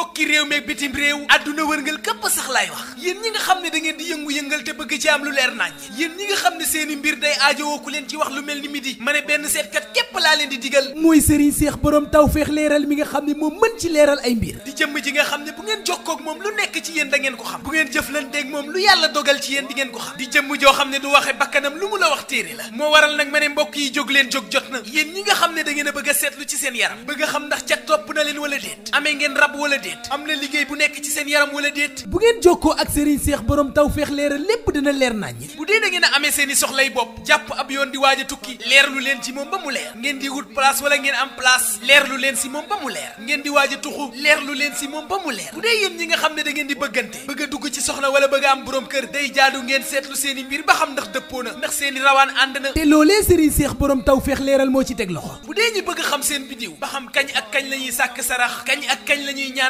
mbokki réew meeg bitim réew adduna wërngal képp sax laay wax yéen ñi nga xam ne da ngeen di yëngu-yëngal te bëgg ci am lu leer nañ yéen ñi nga xam ne seeni mbir day aajowoo ku leen ci wax lu mel ni midi ma ne benn seetkat képp laa leen di digal mooy sëriñ seex borom tawfeex leeral mi nga xam ne moom mën ci leeral ay mbir di jëmm ji nga xam ne bu ngeen jokkoo ak moom lu nekk ci yéen da ngeen ko xam bu ngeen jëflanteeg moom lu yàlla dogal ci yéen di ngeen ko xam di jëmm joo xam ne du waxe bakkanam lu mu la wax téere la moo ma ne yi jóg leen jóg jot na yéen ñi nga xam ne da ngeen a bëgg a seetlu ci seen yaram bëgg a xam ndax topp na leen wala déet amee ngeen déet am na liggéey bu nekk ci seen yaram wala déet bu ngeen jokkoo ak Serigne Cheikh borom tawfeex leeral lépp dina leer naññ bu dee da ngeen a amee seen i soxlay bopp jàpp ab yoon di waaj a tukki leer lu leen ci moom ba mu leer ngeen di wut place wala ngeen am place leer lu leen si moom ba mu leer ngeen di waaj a tuxu leer lu leen si moom ba mu leer bu dee yéen ñi nga xam ne da di bëggante bëgg a dugg ci soxna wala bëgg a am borom kër day jaadu ngeen seen i mbir ba xam ndax dëppoo na na te loolee Serigne Cheikh borom tawfeex leeral moo ci teg loxo bu dee ñi bëgg xam seen bidiw ba xam kañ ak kañ la ñuy sàkk sarax ak kañ la ñuy ñaan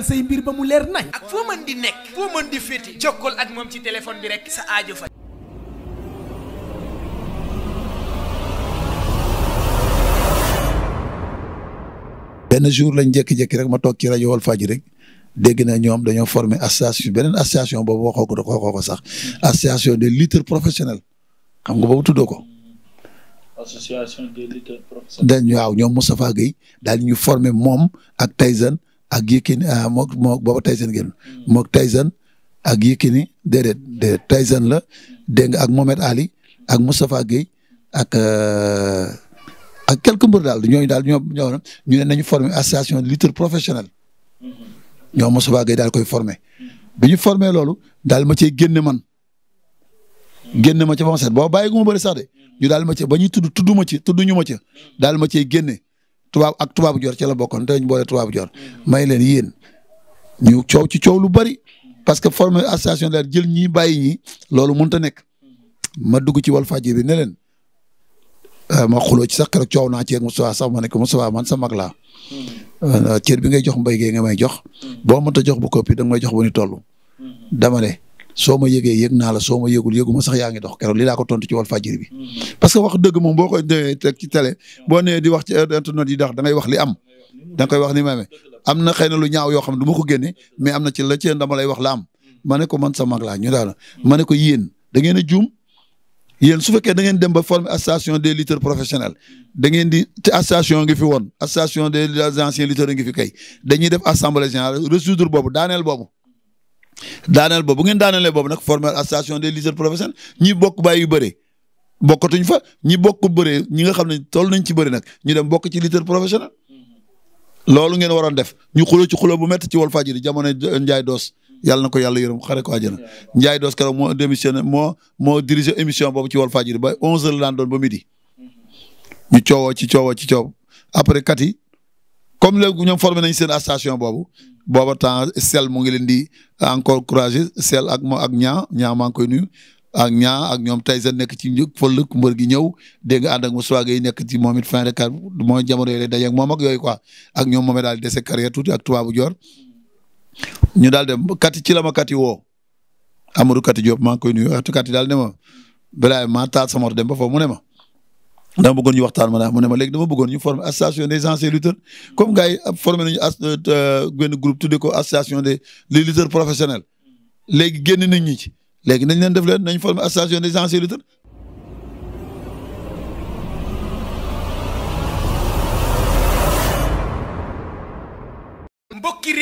leeral say ba mu leer nañ. ak foo sa aajo fa. benn jour lañ jékki-jékki rek ma toog ci rajo Walfadjri rek dégg na ñoom dañoo formé association beneen association boobu waxoo ko sax association des litre professionnels xam nga boobu tuddoo ko. waaw ñoom Moustapha Guèye daal ñu formé moom ak Tyson ak Yékini ah moog moog booba Tyson génn mm. moog Tyson ak Yékini déedéet déedéet Tyson la dégg nga ak Mohamed Ali ak Moustapha Guèye ak euh, ak quelques mbër daal ñooñu daal ñoo ñoo ñu ne nañu former association lutteur professionnel mm-hmm. ñoo Moustapha Guèye daal koy former bi ñu formé loolu daal ma cee génn man génn ma ca ba ma set boo bàyyi gu ma bëri sax de ñu daal ma ca ba ñuy tudd tudd ma ci tudd ñu ma ca daal ma cee génne tubaab ak tubaabu joor ci la bokkoon te ñu boole tubaabu joor may leen yéen ñu coow ci coow lu bari parce que forme association daal jël ñii bàyyi ñi loolu mënut a nekk ma dugg ci wal Walfadjri bi ne leen ah, ma xuloo ci sax keroog coow naa ceeg Moustapha sax ma ne ko Moustapha man sa mag laa hmm. cër bi ngay jox mbéy gee nga may jox hmm. boo mënta jox bu koppi da may jox bu ni toll hmm. dama ne soo ma yëgee yëg naa la soo ma yëgul ma sax yaa ngi dox keroog li laa ko tontu ci Walfadjri bi. Mm-hmm. parce que wax dëgg moom boo ko teg ci télé boo nee di wax ci internet yi dax da ngay wax am. da koy wax ni ma am na xëy na lu ñaaw yoo xam ne du ko génne mais am na ci la ci dama lay wax la am ma ne ko man sa mag laa ñu daal ma ne ko yéen da ngeen a juum yéen su fekkee da ngeen dem ba former association des lutteurs professionnels da ngeen di te association ngi fi woon association de anciens lutteurs ngi fi kay dañuy def assemblée générale résoudre boobu daaneel boobu. daaneel boobu bu ngeen daanelee boobu nag former astation des lutteurs professionnels ñi bokk bàyyi yu bëree bokkatuñ fa ñi bokk bëree ñi nga xam ne toll nañ ci bëri nag ñu dem bokk ci lutteur professionnel. loolu ngeen waroon def ñu xuloo ci xuloo bu métti ci Walfadjri jamono Ndiaye Doos yàlla na ko yàlla yërëm xare ko àjjana Ndiaye Doos keroog moo démissionné moo moo dirigé émission boobu ci Walfadjri ba 11h la daan doon ba midi. ñu coowoo ci coowoo ci coow après kat yi comme léegi ñoom formé nañ seen association boobu booba temps sel mu ngi leen di encore couragé sel ak ma ak ñaa ñaa maa ngi nuyu ak ñaa ak ñoom tey sa nekk ci fël mbër gi ñëw dégg nga ànd ak Moussa Gueye nekk ci moom it fin de carrière jamono yooyu dajeeg moom yooyu quoi ak ñoom moom daal di dese tuuti ak tubaabu joor ñu daal dem kati ci la ma kati woo Amadou Kati Diop maa ngi koy nuyu waxtu kati daal ne ma balaa maa taal sama dem ba foofu ne ma. dama bëggoon ñu waxtaan ma ne ah, ma léegi dama association des anciens lutteurs comme gars yi formé nañu as euh, euh, benn groupe tuddee association des les lutteurs professionnels léegi génn nañ ñi ci léegi nañ leen def leen nañ association des anciens lutteurs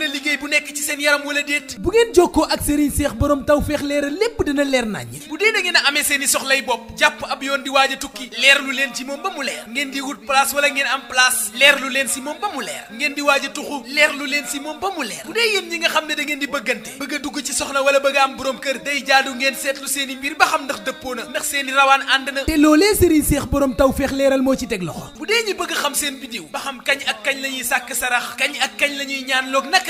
la liggéey bu nekk ci seen yaram wala déet bu ngeen jokkoo ak Serigne Cheikh borom taw feex leeral lépp dina leer naññ bu dee da ngeen a amee seen i soxlay bopp jàpp a tukki leerlu leen ci moom ba mu leer ngeen leer ngeen leen si moom ba mu leer bu dee nga xam ne da ngeen di bëggante bëgg a dugg ci soxna a am borom kër day jaadu ngeen seetlu seen i ba xam ndax dëppoo na ndax seen i rawaan ànd na te loolee Serigne Cheikh moo ci teg loxo bu dee ñi bëgg xam seen bidiw ba xam kañ ak kañ la ñuy sàkk sarax kañ ak kañ la ñuy ñaan loog naka